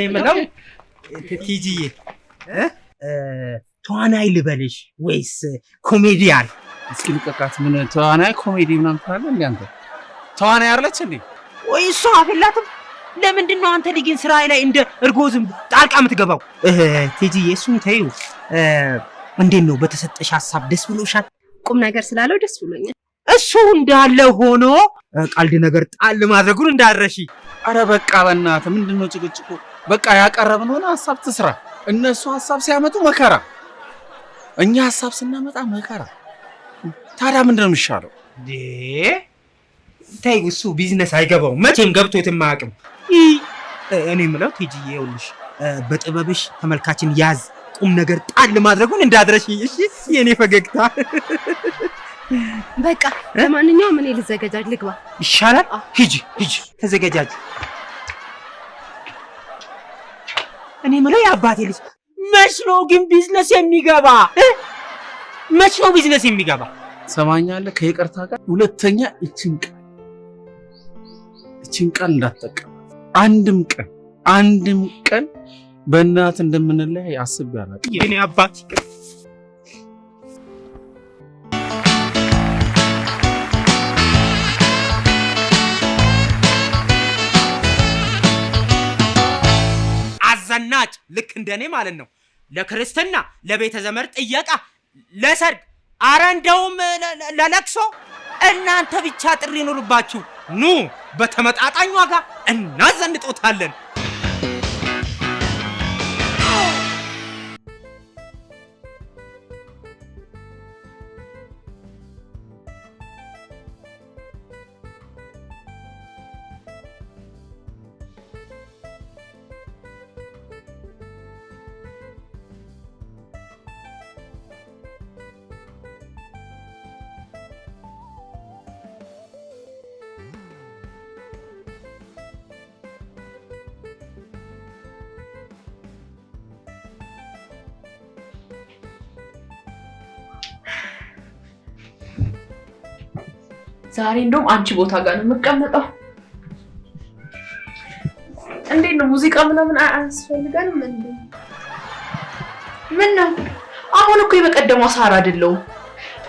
እኔ የምለው ቲጂዬ ተዋናይ ልበልሽ ወይስ ኮሜዲያን? እስኪ ልቀቃት። ምን ተዋናይ ኮሜዲ ምናምን ትላለህ እንዴ አንተ? ተዋናይ አለች እንዴ? ወይ እሱ አፈላትም። ለምንድን ነው አንተ ልጅን ስራ ላይ እንደ እርጎ ዝም ጣልቃ የምትገባው? ቲጂዬ እሱን ተይው። እንዴት ነው በተሰጠሽ ሀሳብ ደስ ብሎሻል? ቁም ነገር ስላለው ደስ ብሎኛል። እሱ እንዳለ ሆኖ ቀልድ ነገር ጣል ማድረጉን እንዳረሺ። አረ በቃ በእናትህ ምንድን ነው ጭቅጭቁ? በቃ ያቀረብን ሆነ ሀሳብ ትስራ። እነሱ ሀሳብ ሲያመጡ መከራ፣ እኛ ሀሳብ ስናመጣ መከራ። ታዲያ ምንድን ነው የሚሻለው? ተይ እሱ ቢዝነስ አይገባውም፣ መቼም ገብቶት የማያውቅም። እኔ የምለው ቲጂዬ፣ ይኸውልሽ በጥበብሽ ተመልካችን ያዝ ቁም ነገር ጣል ማድረጉን እንዳድረሽ። እሺ የኔ ፈገግታ በቃ ለማንኛውም እኔ ልዘገጃጅ፣ ልግባ ይሻላል። ሂጂ ሂጂ፣ ተዘገጃጅ። እኔ ምለው የአባቴ ልጅ መች ነው ግን ቢዝነስ የሚገባ? መች ነው ቢዝነስ የሚገባ? ሰማኛለህ? ከይቅርታ ጋር ሁለተኛ እችን ቃል እችን ቃል እንዳትጠቀም። አንድም ቀን አንድም ቀን በእናት እንደምንለያይ አስቤ አላውቅም የኔ አባት። እንደኔ ማለት ነው ለክርስትና፣ ለቤተ ዘመድ ጥየቃ፣ ለሰርግ አረ እንደውም ለለቅሶ እናንተ ብቻ ጥሪ ኑርባችሁ ኑ በተመጣጣኝ ዋጋ እናዘንጦታለን። ዛሬ እንደውም አንቺ ቦታ ጋር ነው የምቀመጠው። እንዴት ነው ሙዚቃ ምናምን አያስፈልገንም? እንዴ ምን ነው አሁን እኮ የበቀደመው ሳር አይደለሁም።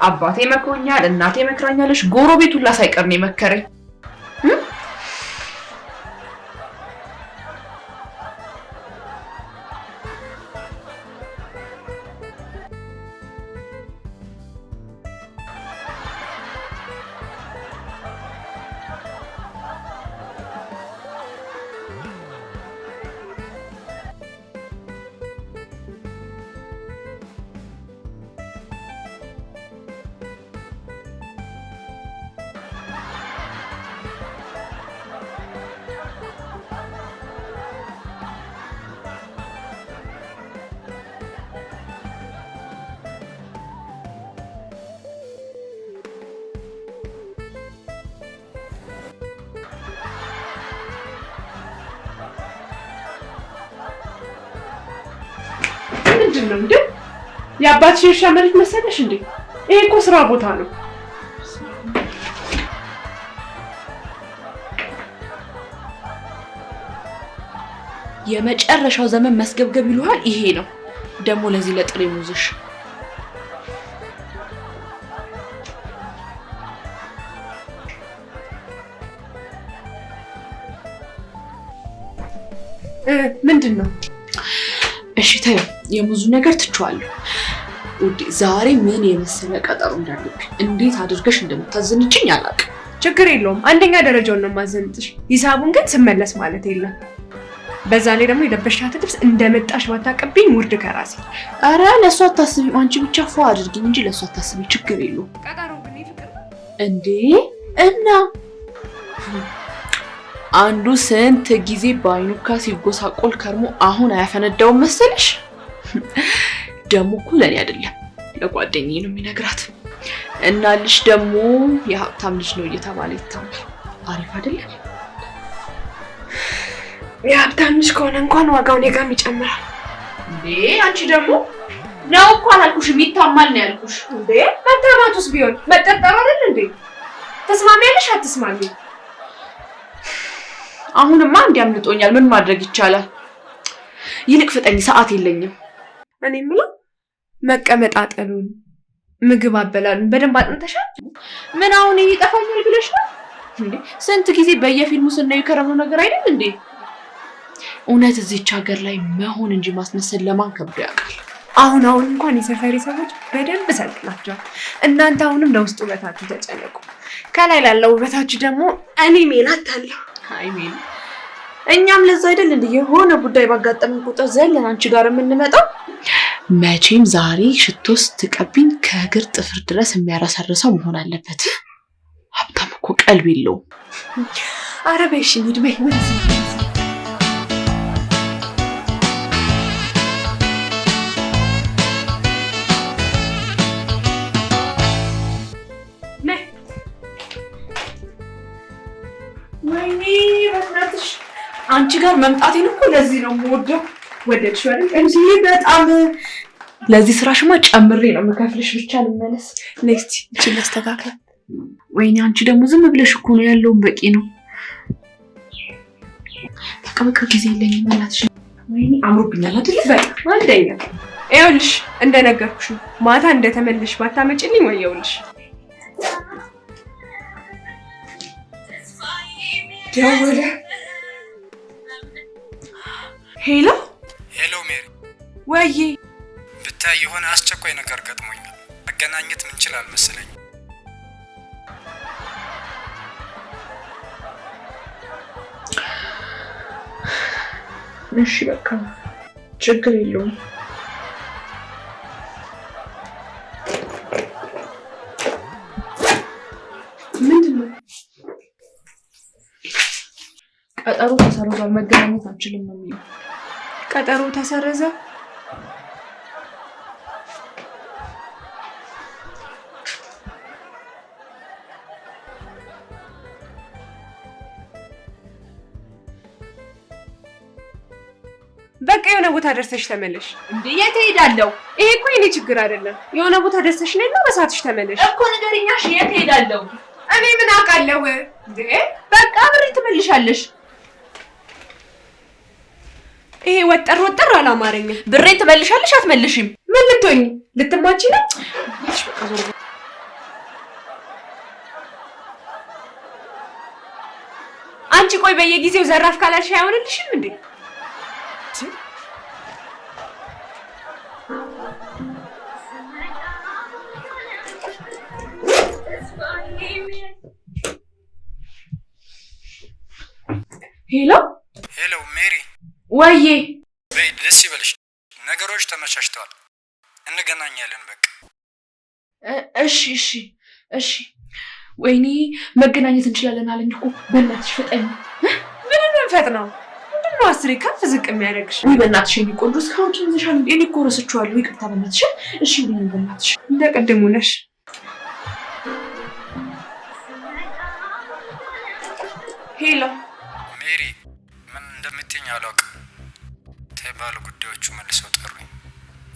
አባቴ መክሮኛል፣ እናቴ መክራኛለች፣ ጎረቤት ሁላ ሳይቀር ነው የመከረኝ። ምንድን ነው እንዴ? የአባትሽ እርሻ መሬት መሰለሽ እንዴ? ይሄ እኮ ስራ ቦታ ነው። የመጨረሻው ዘመን መስገብገብ ይሉሃል። ይሄ ነው ደግሞ ለዚህ ለጥሬ ሙዝሽ ምንድን ነው? እሺ ተይው የሙዙ ነገር ትቼዋለሁ። ውዴ ዛሬ ምን የመሰለ ቀጠሮ እንዳለብኝ እንዴት አድርገሽ እንደምታዘንጭኝ አላውቅም። ችግር የለውም አንደኛ ደረጃውን ነው የማዘንጥሽ። ሂሳቡን ግን ስመለስ ማለት የለም። በዛ ላይ ደግሞ የለበሻት ልብስ እንደመጣሽ ባታቀብኝ ውርድ ከራሴ። አረ ለእሷ አታስቢ፣ አንቺ ብቻ ፎ አድርግኝ እንጂ ለእሷ አታስቢ። ችግር የለውም። እንዴ እና አንዱ ስንት ጊዜ በአይኑካ ሲጎሳቆል ከርሞ አሁን አያፈነዳውም መሰለሽ? ደግሞ እኮ ለእኔ አይደለም ለጓደኛዬ ነው የሚነግራት። እና ልጅ ደግሞ የሀብታም ልጅ ነው እየተባለ ይታል። አሪፍ አይደለም? የሀብታም ልጅ ከሆነ እንኳን ዋጋው እኔ ጋርም ይጨምራል። እንዴ አንቺ ደግሞ ነው እኮ አላልኩሽ፣ ይታማል ነው ያልኩሽ። እንዴ መታማቱስ ቢሆን መጠጠር አይደል እንዴ? ተስማሚያለሽ አትስማሚ? አሁንማ እንዲያምልጦኛል። ምን ማድረግ ይቻላል? ይልቅ ፍጠኝ፣ ሰዓት የለኝም። እኔ የምለው መቀመጣጠሉን ምግብ አበላሉን በደንብ አጥንተሻል? ምን አሁን የሚጠፋኛል ብለሽ ነው እንዴ? ስንት ጊዜ በየፊልሙ ስናዩ የከረመው ነገር አይደል እንዴ? እውነት እዚች ሀገር ላይ መሆን እንጂ ማስመሰል ለማን ከብዶ ያውቃል? አሁን አሁን እንኳን የሰፈሪ ሰዎች በደንብ ሰልጥናቸዋል። እናንተ አሁንም ለውስጥ ውበታችሁ ተጨነቁ። ከላይ ላለው ውበታችሁ ደግሞ እኔ ሜላት አለሁ። አይ ሜላት እኛም ለዛ አይደል እንዴ የሆነ ጉዳይ ባጋጠመን ቁጥር ዘለን አንቺ ጋር የምንመጣው። መቼም ዛሬ ሽቶ ስትቀቢኝ ከእግር ጥፍር ድረስ የሚያረሰርሰው መሆን አለበት። ሀብታም እኮ ቀልብ የለውም። አረ በይ እሺ፣ እንሂድ በይ። አንቺ ጋር መምጣቴን እኮ ለዚህ ነው የምወደው። ወደድሽ አይደል? እንጂ በጣም ለዚህ ስራሽማ ጨምሬ ነው የምከፍልሽ። ብቻ ልመለስ። ኔክስት እቺ ላስተካክል። ወይኔ አንቺ ደግሞ ዝም ብለሽ እኮ ነው ያለውን በቂ ነው። ተቀበቀ ጊዜ የለኝም እናትሽ። ወይኔ አምሮብኛል አይደል? በቃ አንደኛ። ይኸውልሽ እንደነገርኩሽ ማታ እንደተመለሽ ባታመጭልኝ ወይ ይኸውልሽ ደወለ ሄሎ ሄሎ፣ ሜሪ ወይዬ ብታይ የሆነ አስቸኳይ ነገር ገጥሞኛል። መገናኘት ምንችል አልመሰለኝም። እሺ በቃ ችግር የለውም። ምንድን ቀጠሩ ቀጠሮ ተሰርዟል፣ መገናኘት አንችልም ነው የሚለው ቀጠሮ ተሰረዘ። በቃ የሆነ ቦታ ደርሰሽ ተመለሽ። እንዴ የት እሄዳለሁ? ይሄ እኮ የኔ ችግር አይደለም። የሆነ ቦታ ደርሰሽ ነው ነና በሳትሽ ተመለሽ እኮ ንገሪኛሽ። የት እሄዳለሁ? እኔ ምን አውቃለሁ? እንዴ በቃ ብሬ ትመልሻለሽ። ይሄ ወጠር ወጠር አላማረኝ። ብሬን ትመልሻለሽ አትመልሽም? ምን ልትሆኝ ልትማቺ ነው? አንቺ ቆይ በየጊዜው ዘራፍ ካላልሽ አይሆንልሽም እንዴ? ሄሎ ሄሎ ሜሪ ወይ በይ ደስ ይበልሽ። ነገሮች ተመቻችተዋል። እንገናኛለን። በቃ እሺ፣ እሺ፣ እሺ። ወይኔ መገናኘት እንችላለን አለኝ እንዲኮ። በእናትሽ ፈጠኝ። ምን ፈጥ ነው ምንድን ነው አስሬ ከፍ ዝቅ የሚያደርግሽ? ወይ በእናትሽ የእኔ ቆንጆ እስካሁን ትንዝሻል። እኔ እኮ ረስቼዋለሁ። ይቅርታ በእናትሽ። እሺ፣ ብኝ በእናትሽ። እንደ ቀድሙ ነሽ። ሄሎ ባለ ጉዳዮቹ መልሰው ጠሩኝ።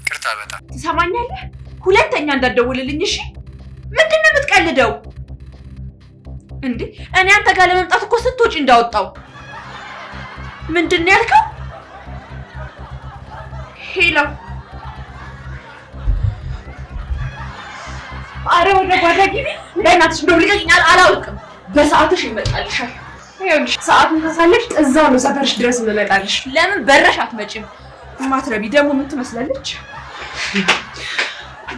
ቅርታ በጣም ትሰማኛለህ። ሁለተኛ እንዳደውልልኝ እሺ። ምንድን ነው የምትቀልደው እንዴ? እኔ አንተ ጋር ለመምጣት እኮ ስንት ወጪ እንዳወጣው። ምንድን ነው ያልከው? ሄሎ። አረ ወደ ጓዳ ጊዜ በእናትሽ እንደው ልቀቂኝ። አላውቅም። በሰዓትሽ ይመጣልሻል። ሰዓቱን ካሳለሽ እዛው ነው ሰፈርሽ ድረስ እንመጣልሽ። ለምን በረሽ አትመጭም? ማትረቢ ደግሞ ምን ትመስላለች?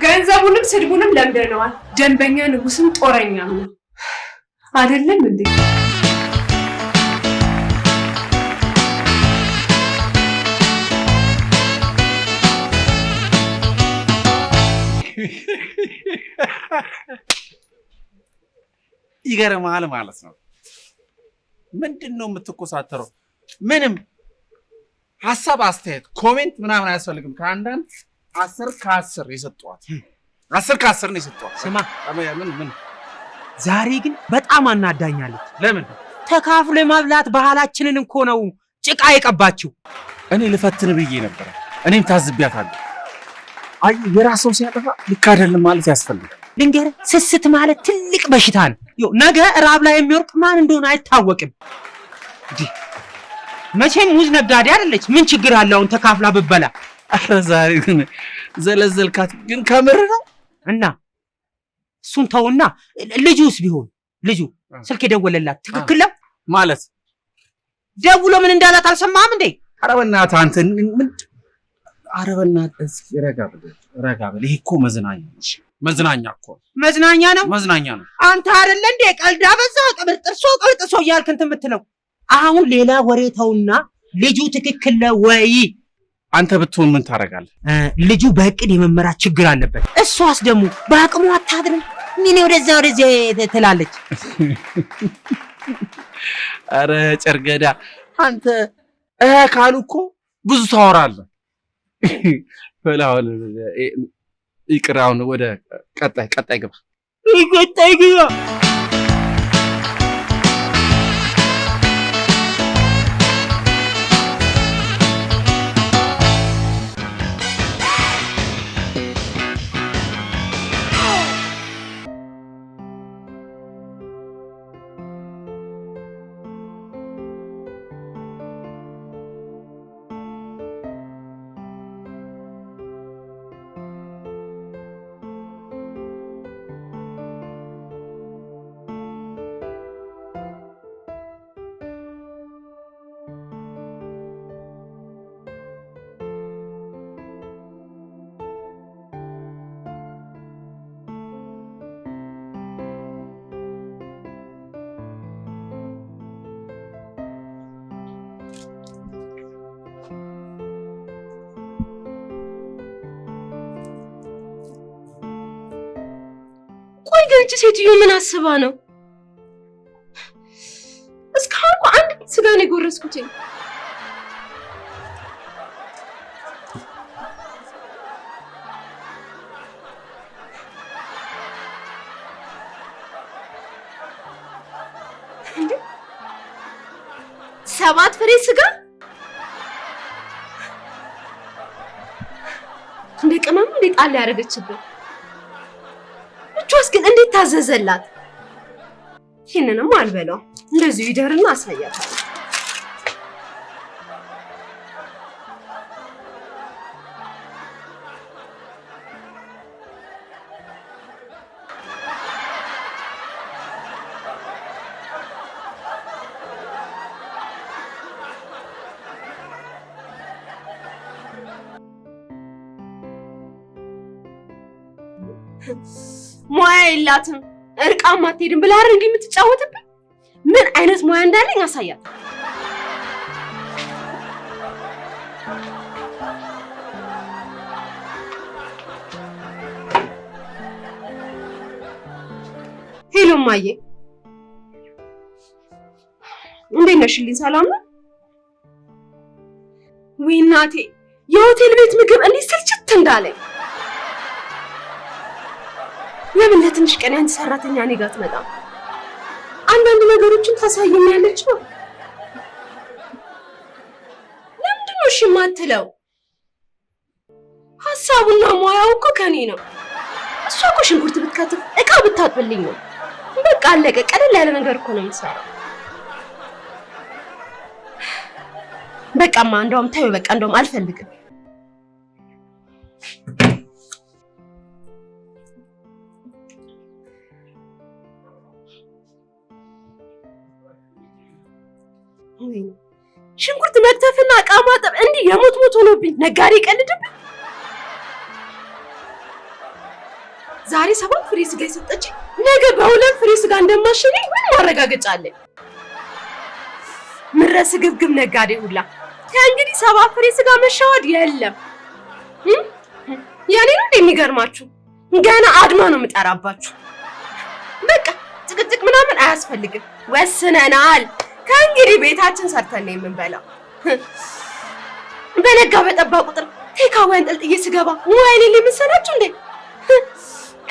ገንዘቡንም ስድቡንም ለምደነዋል። ደንበኛ ንጉስም ጦረኛ ነው አይደለም እንዴ? ይገርማል ማለት ነው። ምንድን ነው የምትኮሳተረው? ምንም ሀሳብ አስተያየት፣ ኮሜንት ምናምን አያስፈልግም። ከአንዳንድ አስር ከአስር የሰጠዋት አስር ከአስር ነው የሰጠዋት። ስማ ዛሬ ግን በጣም አናዳኛለች። ለምን ተካፍሎ የመብላት ባህላችንን እኮ ነው ጭቃ የቀባችው። እኔ ልፈትን ብዬ ነበረ። እኔም ታዝቢያታለሁ። አይ የራስ ሰው ሲያጠፋ ልክ አይደለም ማለት ያስፈልጋል። ልንገርህ፣ ስስት ማለት ትልቅ በሽታ ነው። ነገ ራብ ላይ የሚወርቅ ማን እንደሆነ አይታወቅም። መቼም ሙዝ ነጋዴ አይደለች። ምን ችግር አለ? አሁን ተካፍላ ብበላ። አረ ዛሬ ግን ዘለዘልካት ግን ከምር ነው። እና እሱን ተውና ልጁስ ቢሆን ልጁ ስልክ የደወለላት ትክክል ነው ማለት ደውሎ ምን እንዳላት አልሰማም እንዴ? አረ በእናትህ አንተ ምን አረ በእናትህ ረጋ በል ረጋ በል። ይሄ እኮ መዝናኛ ነው። መዝናኛ እኮ መዝናኛ ነው፣ መዝናኛ ነው። አንተ አይደለ እንዴ ቀልዳ በዛ ቅብርጥርሶ ቅብርጥርሶ እያልክ እንትን የምትለው አሁን ሌላ ወሬ ተውና ልጁ ትክክል ነው ወይ? አንተ ብትሆን ምን ታደርጋለህ? ልጁ በእቅድ የመመራት ችግር አለበት። እሷስ ደግሞ በአቅሙ አታድርም። ሚኔ ወደዛ ወደዚያ ትላለች። አረ ጨርገዳ አንተ ካሉ እኮ ብዙ ታወራለህ። ይቅር። አሁን ወደ ቀጣይ ቀጣይ ግባ፣ ቀጣይ ግባ። ግን እቺ ሴትዮ ምን አስባ ነው? እስካሁን እኮ አንድ ስጋ ነው የጎረስኩት። ሰባት ፍሬ ስጋ እንደ ቅመሙ እንደ ጣል ያደረገችብን ታዘዘላት። ይህንንም አልበላው እንደዚሁ ይደርና አሳያታል። ሙያ የላትም እርቃም አትሄድም ብላ አድርግ የምትጫወትብኝ ምን አይነት ሙያ እንዳለኝ አሳያት። ሄሎ ማየ፣ እንዴት ነሽልኝ? ሰላም ነው? ውይ እናቴ፣ የሆቴል ቤት ምግብ እንዲህ ስልችት እንዳለኝ ለምን ለትንሽ ቀን አንድ ሰራተኛ እኔ ጋር አትመጣም? አንዳንድ ነገሮችን ታሳየኛለች ነው። ለምንድን ነው እሺ የማትለው? ሀሳቡና ሙያው እኮ ከኔ ነው። እሷ እኮ ሽንኩርት ብትከትፍ እቃ ብታጥብልኝ ነው በቃ አለቀ። ቀለል ያለ ነገር እኮ ነው የምትሰራው። በቃማ እንደውም ተይው፣ በቃ እንደውም አልፈልግም። ሽንኩርት መክተፍና እቃ ማጠብ እንዲህ የሞት ሞት ሆኖብኝ ነጋዴ ቀልድብኝ። ዛሬ ሰባት ፍሬ ስጋ የሰጠች ነገ በሁለት ፍሬ ስጋ እንደማሸነኝ ምን ማረጋገጫ አለኝ? ምረስ ግብግብ ነጋዴ ሁላ ከእንግዲህ ሰባት ፍሬ ስጋ መሻወድ የለም። ያኔ ነው የሚገርማችሁ፣ ገና አድማ ነው የምጠራባችሁ። በቃ ጭቅጭቅ ምናምን አያስፈልግም፣ ወስነናል። ከእንግዲህ ቤታችን ሰርተን ነው የምንበላው። በነጋ በጠባ ቁጥር ቴካዊ አንጠልጥዬ ስገባ ወይኔ የምንሰራችሁ እንዴ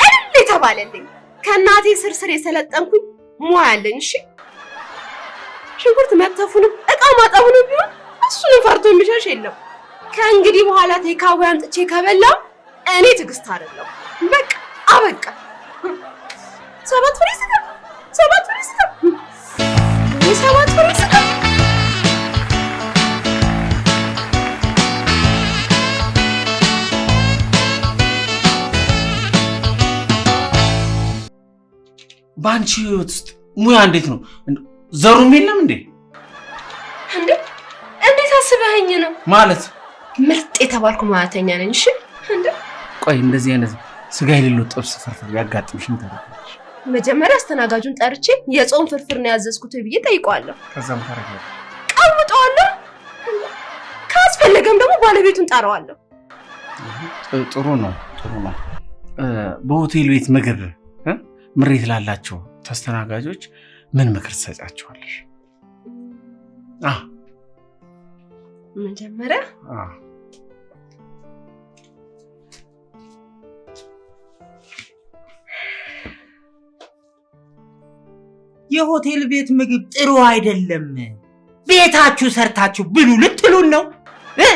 እንዴ ተባለልኝ። ከእናቴ ስር ስር የሰለጠንኩኝ ሙያ እሺ ሽንኩርት መክተፉንም እቃ ማጠቡንም ቢሆን እሱንም ፈርቶ የሚሸሽ የለም። ከእንግዲህ በኋላ ቴካዊ አምጥቼ ከበላው እኔ ትዕግስት አይደለም። በቃ አበቃ። ሰባት ፍሬ ስጋ ሰባት ፍሬ ስጋ ሰባት በአንቺ ህይወት ውስጥ ሙያ እንዴት ነው? ዘሩም የለም እንዴ? እንዴ እንዴት አስበኸኝ ነው ማለት? ምርጥ የተባልኩ ሙያተኛ ነኝ። እሺ እንዴ ቆይ እንደዚህ አይነት ስጋ የሌለው ጥብስ ፍርፍር ያጋጥምሽን ተረፈች መጀመሪያ አስተናጋጁን ጠርቼ የጾም ፍርፍር ነው ያዘዝኩት ብዬ ጠይቀዋለሁ። ከዛም ታረጋለ ቀውጠዋለሁ። ካስፈለገም ደግሞ ባለቤቱን ጠራዋለሁ። ጥሩ ነው፣ ጥሩ ነው። በሆቴል ቤት ምግብ ምሬት ላላቸው ተስተናጋጆች ምን ምክር ትሰጫቸዋለሽ? መጀመሪያ የሆቴል ቤት ምግብ ጥሩ አይደለም፣ ቤታችሁ ሰርታችሁ ብሉ ልትሉን ነው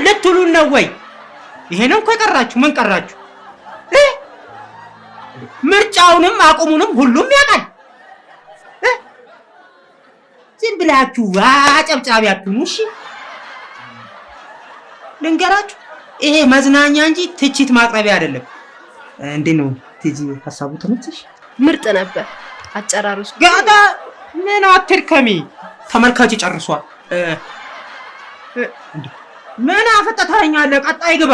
ልትሉን ነው ወይ? ይሄ ነው እኮ የቀራችሁ። ምን ቀራችሁ? ምርጫውንም አቁሙንም ሁሉም ያውቃል። ዝም ብላችሁ አጨብጫቢያችሁ እሺ ልንገራችሁ፣ ይሄ መዝናኛ እንጂ ትችት ማቅረቢያ አይደለም። እንዴ ነው ቲጂ? ሀሳቡ ተመቸሽ? ምርጥ ነበር። አጨራርሱ ጋታ ምን አትርከሚ። ተመልካች ጨርሷል። ምን አፈጠታኛለህ? ቀጣይ ግባ።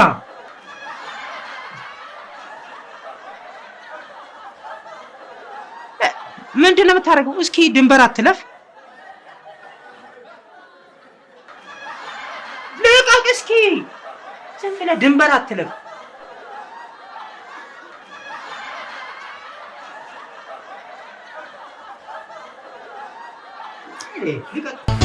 ምንድን ነው የምታደርገው? እስኪ ድንበር አትለፍ። ልቀቅ። እስኪ ዝም ብለህ ድንበር አትለፍ። 그래. 그러니까.